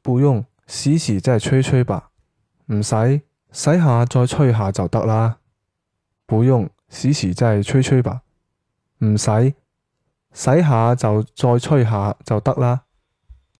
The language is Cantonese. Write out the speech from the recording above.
不用，洗洗，即係吹吹吧，唔使洗下再吹下就得啦。不用，洗洗，即係吹吹吧，唔使洗下就再吹下就得啦。